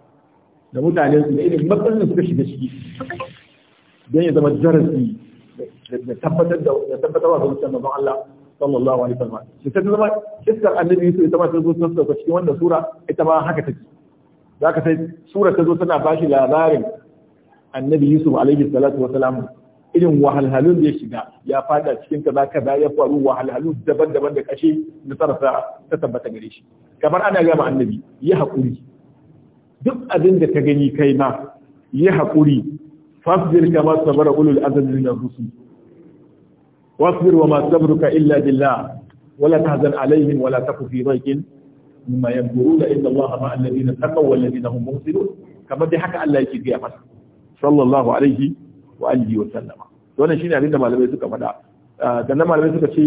da mutane su da irin matsalolin da suka shiga ciki don ya zama darasi da tabbatar da tabbatarwa da wucin manzon Allah sallallahu alaihi wasallam shi ta zama iskar annabi Yusuf ita ma ta zo ta sauka cikin wannan sura ita ma haka take zaka sai sura ta zo tana bashi labarin annabi Yusuf alaihi salatu wasalam irin wahalhalun da ya shiga ya fada cikin kaza kaza ya faru wahalhalu daban-daban da kashe nasararsa ta tabbata gare shi kamar ana gama annabi ya haƙuri duk abin da ka gani kai ma yi haƙuri fasbir kama sabara ulul azmi min ar-rusul wasbir wa ma sabruka illa billah wala tahzan alaihim wala taku fi dhayqin mimma yamkuruna inna allaha ma'a alladhina taqaw wal ladina hum muhsinun kamar dai haka Allah yake gaya masa sallallahu alaihi wa alihi wa sallama wannan shine abin da malamai suka faɗa ah, dan malamai suka ce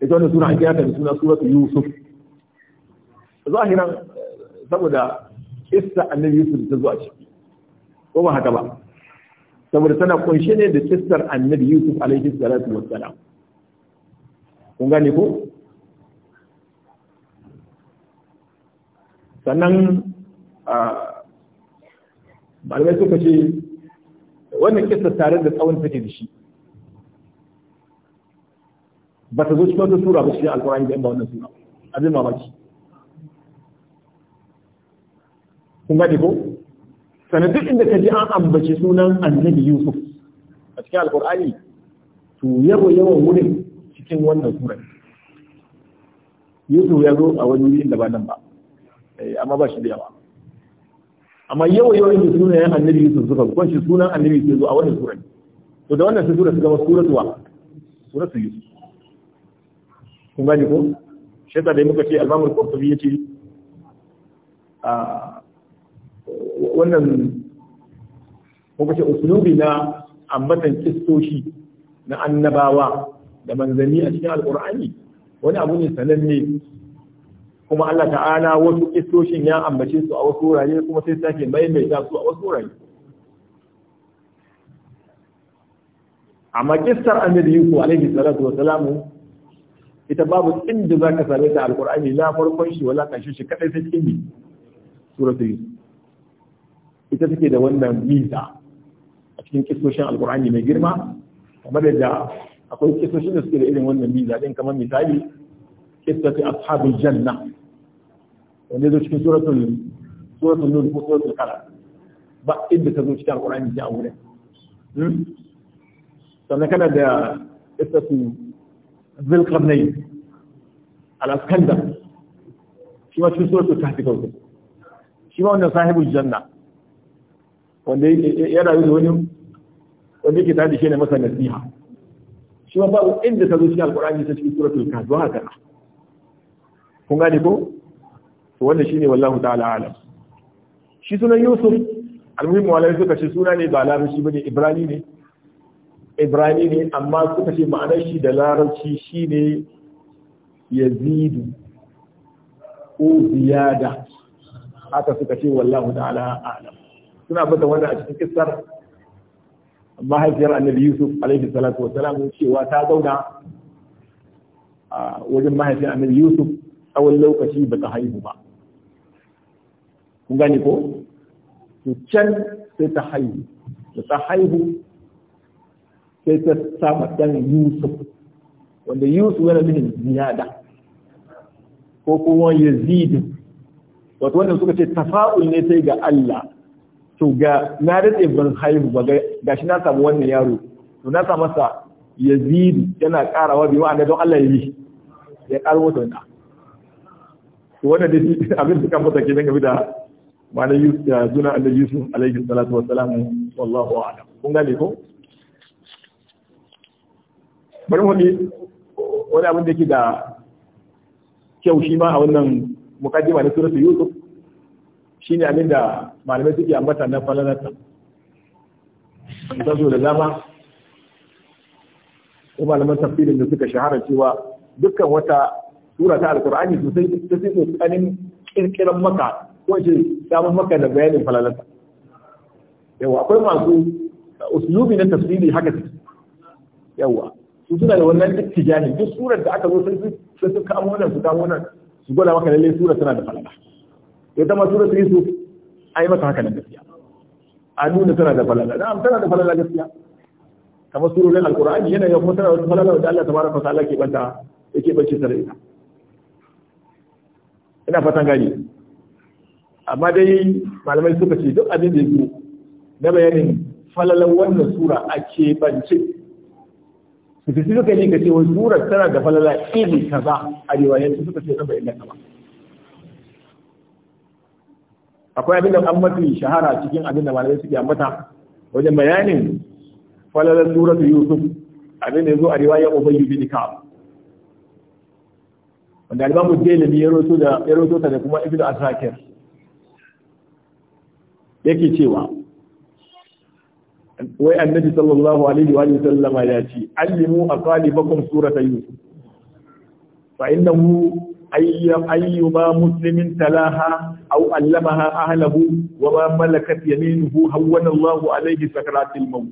ita wannan sura an kiyata da suna suratu yusuf zahiran saboda kissa annabi yusuf ta zuwa ciki ko ba haka ba saboda tana kunshe ne da kissar annabi yusuf alaihi salatu wassalam kun gane ko sannan malamai suka ce wannan kissa tare da tsawon take da shi ba ta zo cikin wata sura ba shi alkurani da ba wannan sura abin mamaki kun gane ko sanadin inda ka ji an ambaci sunan annabi yusuf a cikin alkur'ani to yawa yawan wurin cikin wannan sura yusuf ya zo a wani wurin da ba nan ba eh, amma ba shi da yawa amma yawa yawan inda sunan annabi yusuf suka zo kwanci sunan annabi ke zo a wannan sura to da wannan sura su gama zuwa sura su yusuf kun gane ko shi da muka ce al-mamul qurtubi yace a ah, wannan kuma ce usulubi na ambatan kistoshi na annabawa da manzanni a cikin alkur'ani wani abu ne sananne kuma Allah ta'ala wasu kistoshin ya ambace su a wasu wurare kuma sai sake maimaita su a wasu wurare amma kistar annabi yusuf alaihi salatu wa salamu ita babu inda za ka same ta alqur'ani na farkon shi wala kashin shi kadai sai cikin suratul yusuf ita take da wannan miza a cikin kisoshin alkur'ani mai girma kamar yadda akwai kisoshin da suke da irin wannan miza din kamar misali kisatu ashabul janna wanda zo cikin suratul suratul nur ko suratul qalam ba inda ta zo cikin alkur'ani a wurin hmm? sannan kana da kisatu zulqarnain al-askandar shi ma cikin suratul kahfi kawai shi ma wannan sahibul janna wanda ya rayu da wani wanda yake tada shi ne masa nasiha shi ma babu inda ta zo cikin alqur'ani ta cikin suratul kahf wa haka kun gane ko to wannan shine wallahu ta'ala alam shi sunan yusuf almuhim walai suka ce suna ne ba larabci bane ibrani ne ibrani ne amma suka ce ma'anar shi da larabci shine yazidu ko ziyada haka suka ce wallahu ta'ala alam suna bata wannan a cikin kisar mahaifiyar annabi yusuf alaihi salatu wasalam cewa ta zauna a wajen mahaifiyar annabi yusuf tsawon lokaci ba ta haihu ba kun gane ko to can sai ta haihu da ta haihu sai ta sama dan yusuf wanda yusuf yana nufin ziyada ko kuma yazid wato wannan suka ce tafa'ul ne sai ga Allah to ga na daɗe ban haihu ba ga shi na samu wannan yaro to na sa masa yazidu yana ƙarawa bi ma'ana don Allah ya yi ya ƙaro masa wannan to da shi abin da kan fata kenan game da ma'ana suna annabi Yusuf alaihi salatu salam wallahu a'lam kun gane ko bari mu wani abin da yake da kyau shi ma a wannan mukaddima na suratul Yusuf ne abin da malamai suke ambata na falalarta ta da dama ko malaman tafsirin da suka shahara cewa dukkan wata tura ta alkur'ani sosai ta sai tsokanin kirkiran maka ko ce damar maka da bayanin falalata. yawa akwai masu usulubi na tafsiri haka su yawa su suna da wannan tijani duk surar da aka zo sai su kamo nan su kamo nan su gwada maka lalle surar tana da falala to ta masu rasu yusuf a yi mata haka na gaskiya a nuna tana da falala na'am tana da falala gaskiya kamar surorin alkur'ani yana yawan kuma tana da falala da Allah tabaraka wa ta'ala ke banta yake bace tare ita ina fatan gani amma dai malamai suka ce duk abin da yake na bayanin falalan wannan sura a ke bance su fi suka ne ka ce wani surar tana da falala iri kaza a riwayen suka ce na bayanin ba akwai abin da an mafi shahara cikin abin da malamai suke ambata wajen bayanin falalar suratu yusuf abin da ya zo a riwaya ubayyu bin ka'ab wanda alban imamu dailami ya roto da ya roto ta da kuma ibnu asakir yake cewa wai annabi sallallahu alaihi wa sallama ya ce allimu aqalibakum surata yusuf fa innahu ayyuma muslimin talaha aw allamaha ahlahu wa ma malakat yaminuhu hawwana Allahu alayhi sakaratil maut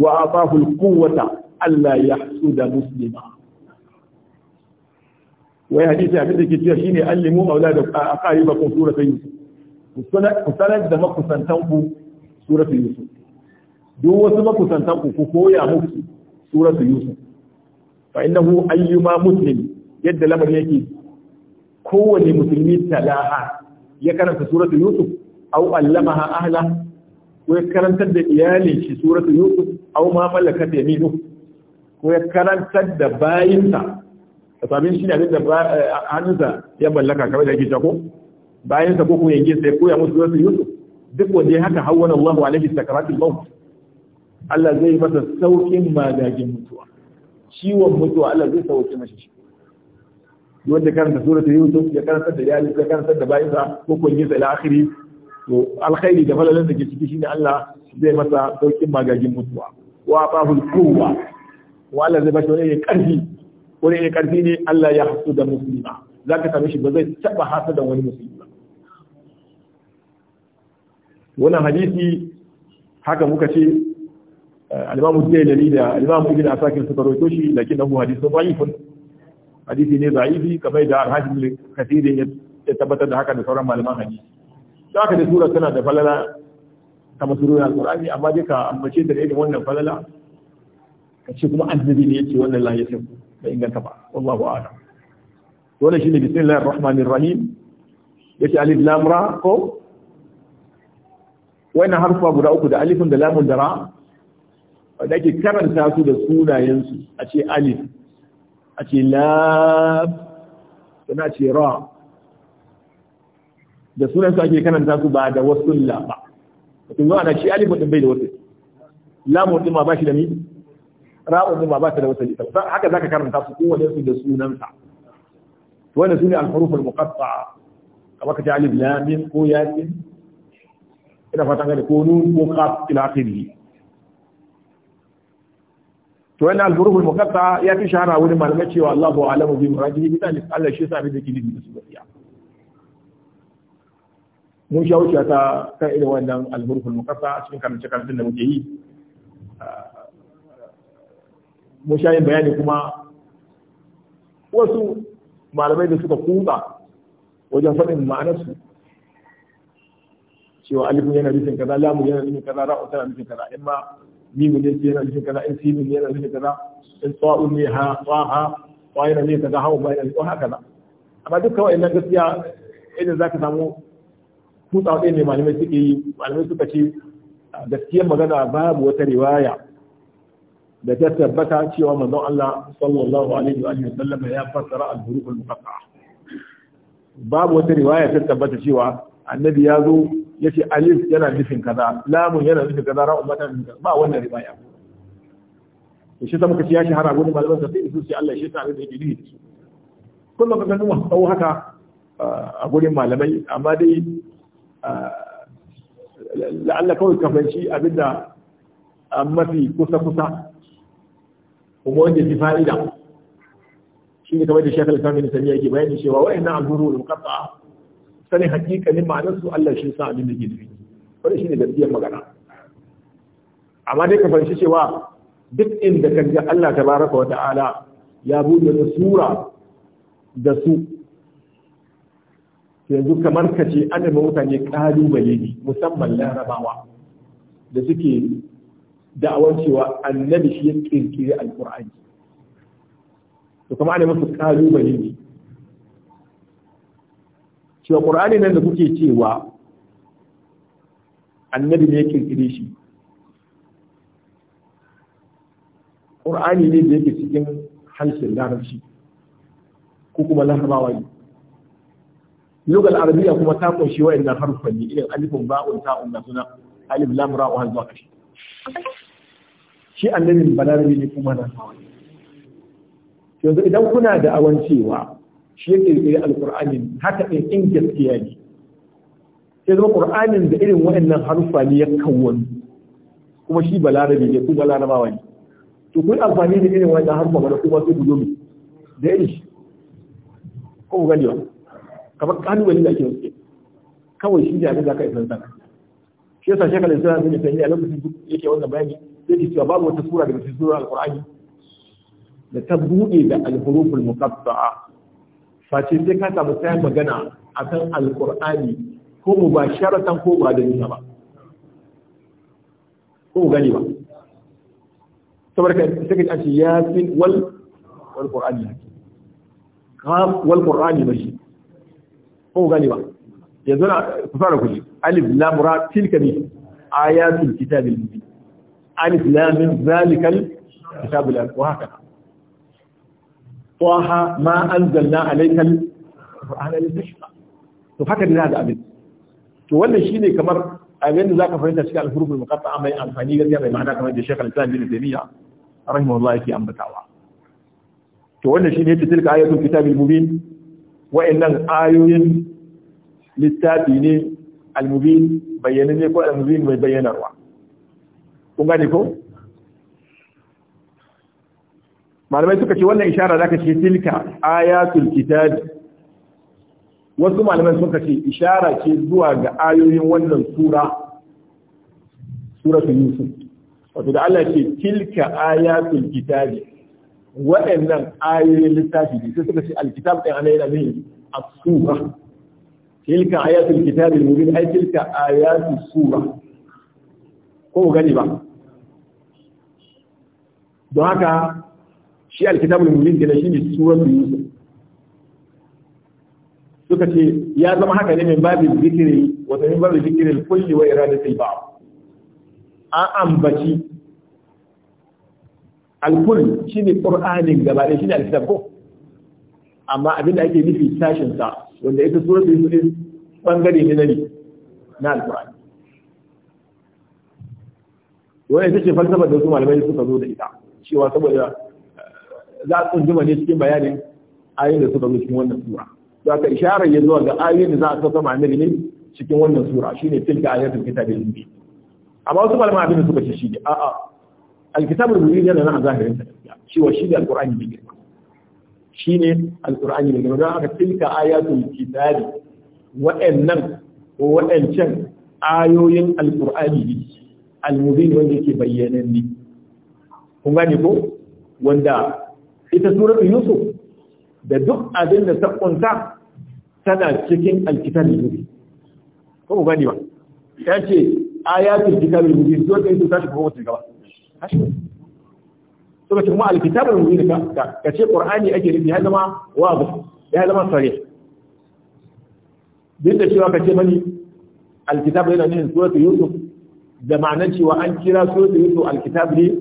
wa atahu alquwwata alla yahsuda muslima wai hadisi abin da ke cewa shine allimu auladakum aqaribakum suratul yusuf ku sanar da makusantanku suratul yusuf duk wasu makusantanku ku koya ayyuma muslim yadda lamar yake kowane musulmi talaha ya karanta suratu yusuf au allamaha ahla ko ya karantar da iyalin shi suratu yusuf au ma malakat yaminu ko ya karantar da bayinsa sabin shi ne da eh, hannunsa ya mallaka kamar da yake ta ko bayinsa ko kuma yanke sai koya musu suratu yusuf duk wanda ya haka hawwana Allahu alaihi sakaratul maut Allah zai masa saukin magajin mutuwa ciwon mutuwa Allah zai sauke masa shi wanda karanta suratul yusuf ya karanta da yali ya karanta da bayinsa ko kun yi ila akhiri to alkhairi da falalan da ke ciki shine Allah zai masa saukin magagin mutuwa wa fahul quwwa wa Allah zai bashi wani karfi wani ne karfi ne Allah ya hasu da musulma zaka same shi ba zai taba hasu da wani muslima ba wannan hadisi haka muka ce eh, al-Imam Tirmidhi da al-Imam Ibn Asakir suka rawaito shi lakinnahu hadithun dhaifun hadisi ne za'ifi kamar da al-hajim kathirin ya tabbatar da haka da sauran malaman hadisi da haka da sura tana da falala ta al qurani amma dai ka ambace ta da irin wannan falala ka ce kuma annabi ne yace wannan la yasab da inganta ba wallahu a'lam dole shine bismillahir rahmanir rahim yace alif lam ra ko wannan harfa guda uku da alifin da lamun da ra da ake karanta su da sunayensu a ce alif a ce lab sana ce ra da sunan su ake kananta su ba da wasu la ba mutum zuwa da shi alifu din bai da wasu lamu din ma ba shi da mi ra'u din ma ba shi da wasu haka zaka karanta su kowanne su da sunansa wannan sune al-huruf al-muqatta'a kamar ka ce alif lam mim ko yasin ina fatan ga ko nun ko qaf ila akhirih to wani al muqatta ya fi shahara wani malamai cewa Allahu a'lamu bi muradihi bi dalil Allah shi yasa ne da kidi da su mun sha wuce ta kan da wannan al-furuhul muqatta cikin cikin karatun da muke yi mun sha yin bayani kuma wasu malamai da suka kuma wajen faɗin ma'anarsu cewa alifin yana nufin kaza lamu yana nufin kaza ra'u tana nufin kaza in ma mimin ne yana kaza in sinin yana nufin kaza in sa'un ne ha ha yana ne kaza hawa ba yana kaza amma gaskiya zaka samu kutsa ɗaya ne malamai suke magana babu wata riwaya da ta tabbata cewa manzon Allah sallallahu alaihi wa sallam ya fassara al-huruf al-muqatta'a babu wata riwaya ta tabbata cewa annabi ya zo ya ce alif yana nufin kaza lamun yana nufin kaza ra'un mata nufin kaza ba wannan riwaya to shi zama kace ya shi harabu da malaman sai su ce Allah shi ta da yake nufi da su kullum ka ganin wannan tsawo haka a gurin malamai amma dai la'alla kawai ka fahimci abinda mafi kusa kusa kuma wanda ji fa'ida shi ne kamar da shekar lissafin da yake bayani cewa wa'annan alhuru da muqatta'a Sani hakikalin ma'anar su Allah shi san abin da ke shi ne da gaskiyar magana amma dai ka fahimci cewa duk inda ka ga Allah baraka wa ta'ala ya buɗe da sura da su yanzu kamar ka ce an nemi mutane ƙalubale ne musamman larabawa da suke da'awar cewa annabi shi ya ƙirƙiri alƙur'ani to kuma an nemi su ƙalubale ne cewa qur'ani nan da kuke cewa annabi ne kirkire shi qur'ani ne da yake cikin harshen larabci ko kuma larabawa ne lugal arabiya kuma ta kunshi wa'annan harfanni irin alifun ba'un ta'un da suna alif lam ra wa zuwa kashi shi annabin balarabi ne kuma na ne. yanzu idan kuna da awan cewa shi yake da alqur'ani haka ɗin in gaskiya ne sai zama qur'anin da irin waɗannan harufa ne ya kawwani kuma shi balarabe ne kuma balarabawa ne to kun amfani da irin waɗannan harufa mana kuma sai ku zo da irin shi ko ku gani ba kamar kalubale da ake nufi kawai shi ne abin da aka isa sana shi yasa shekara da sana sun yi a lokacin duk yake wannan bayani sai ke cewa babu wata sura daga cikin sura alqur'ani da ta buɗe da alhuruful muqatta'a face sai ka samu sai magana akan alqur'ani ko mu ba sharatan ko ba da nuna ba ko gani ba saboda sai ka ce yasin wal wal qur'ani kaf wal qur'ani bashi ko gani ba yanzu na ku fara kuji alif lam ra tilka bi ayatul kitabil mubin alif lam zalikal kitabul wa haka طه ما أنزلنا عليك القرآن لتشقى to haka ne da abin to wannan shine kamar abin da zaka fahimta cikin al-huruf al-muqatta'a mai amfani gaskiya mai ma'ana kamar da Sheikh Al-Islam bin Taymiyyah rahimahullah yake ambatawa to wannan shine yace tilka ayatul kitabil mubin wa'annan ayoyin littafi ne al-mubin bayyana ne ko al-mubin mai bayyanarwa kun ne ko malamai suka ce wannan ishara zaka ce tilka ayatul kitab wasu malamai suka ce ishara ce zuwa ga ayoyin wannan sura suratul yusuf wato da Allah ce tilka ayatul kitab waɗannan ayoyin littafi ne sai suka ce alkitab ɗin ana yana nuni a sura tilka ayatul kitab al-mubin ai tilka ayatul sura ko gani ba don haka shi alkitabul mubin kenan shine suratul yusuf suka ce ya zama haka ne min babin zikiri wata min babin zikiri kulli wa iradatul ba'd an ambaci alkul shine qur'anin gaba ɗaya shine alkitab ko amma abin da ake nufi sashin sa wanda ita suratul yusuf bangare ne na ne na alkur'ani wannan ita ce falsafar da su malamai suka zo da ita cewa saboda za a tsunduma ne cikin bayanin ayin da suka zo cikin wannan sura za ka isharar ya zuwa ga ayoyin da za a sauka ma annabi ne cikin wannan sura Shi shine tilka ayatul kitabil mubin amma wasu malama abin da suka ce shine a'a al mubin yana nan a zahirin sa gaskiya shi wa shine alqur'ani ne girma shine alqur'ani ne girma don haka tilka ayatul kitabi wa'annan ko wa'ancan ayoyin alqur'ani ne almubin wanda yake bayyananne kun gane ko wanda ita suratu yusuf da duk abin da ta kunta tana cikin alkitabul mubin ko ku ni ba ya ce ayatul kitabul mubin zo da ta shiga wata gaba to kace kuma alkitabul mubin ka kace qur'ani ake nufi ya zama wazi ya zama sarih duk da cewa kace mani alkitab yana nufin suratu yusuf da ma'anar cewa an kira suratu yusuf alkitab ne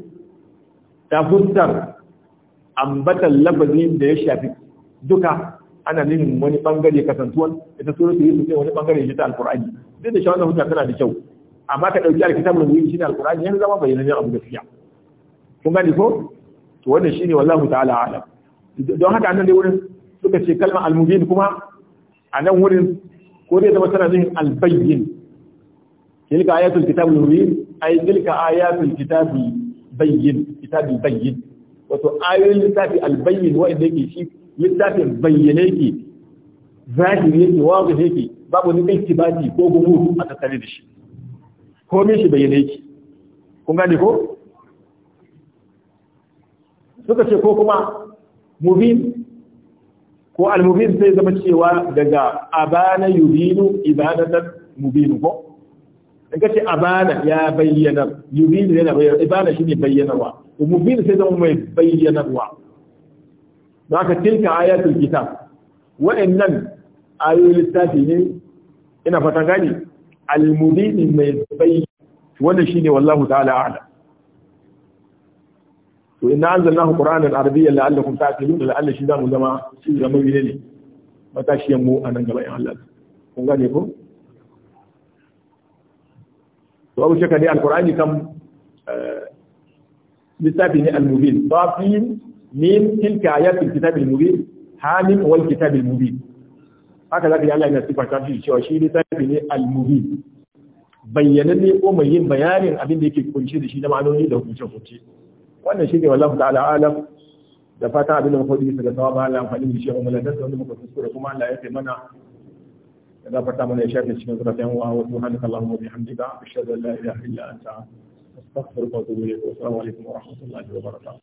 ta fuskar ambatan labarin da ya shafi duka ana nufin wani bangare kasantuwan ita suratul yusuf ne wani bangare shi ta alqur'ani duk da shawarar hujja tana da kyau amma ka ɗauki alkitabul mu'min shi da alqur'ani yanzu zama bayanan abu gaskiya kun gani ko to wannan shine wallahu ta'ala alam don haka annan dai wurin suka ce kalmar almubin kuma a nan wurin ko dai zama tana nufin albayyin tilka ayatul kitabul mubin ay tilka ayatul kitabi bayyin kitabi bayyin wato ayoyin littafi albayyin inda yake shi littafin bayyane yake zahiri yake wazi yake babu ni kai kibati ko gumu a tattare da shi Ko me shi bayyane yake kun gane ko suka ce ko kuma mubin ko al-mubin sai zama cewa daga abana yubinu ibadatan mubinu ko in kace abana ya bayyana yubinu yana bayyana ibana shine bayyanarwa mubin sai zama mai bayyanarwa za ka tilka ayatul kitab wa'annan ayoyin littafi ne ina fatan al-mubin mai bayyana wannan shine wallahu ta'ala a'lam to inna anzalnahu qur'anan arabiyyan la'allakum ta'qilun la'alla shi zamu zama shi zama wile ne mu gaba kun gane ko to wuce shakka dai alqur'ani kam lissafi ne al-mubin safin min tilka ayatul kitabil mubin hamim wal kitabil mubin haka zaka yi Allah yana sifata shi cewa shi lissafi ne al-mubin bayyananne ko mai yin bayanin abin da yake kunshi da shi na ma'anoni da hukunce hukunce wannan shi ne wallahu ta'ala alam da fata abin da muka faɗi daga ba Allah amfani da shi a mulatar da wanda muka kuskure kuma Allah ya kai mana ya gafarta mana ya shafe cikin zurafin wa wa subhanaka allahumma wa bihamdika ashhadu an la ilaha illa anta استغفر الله وأتوب اليه والسلام عليكم ورحمة الله وبركاته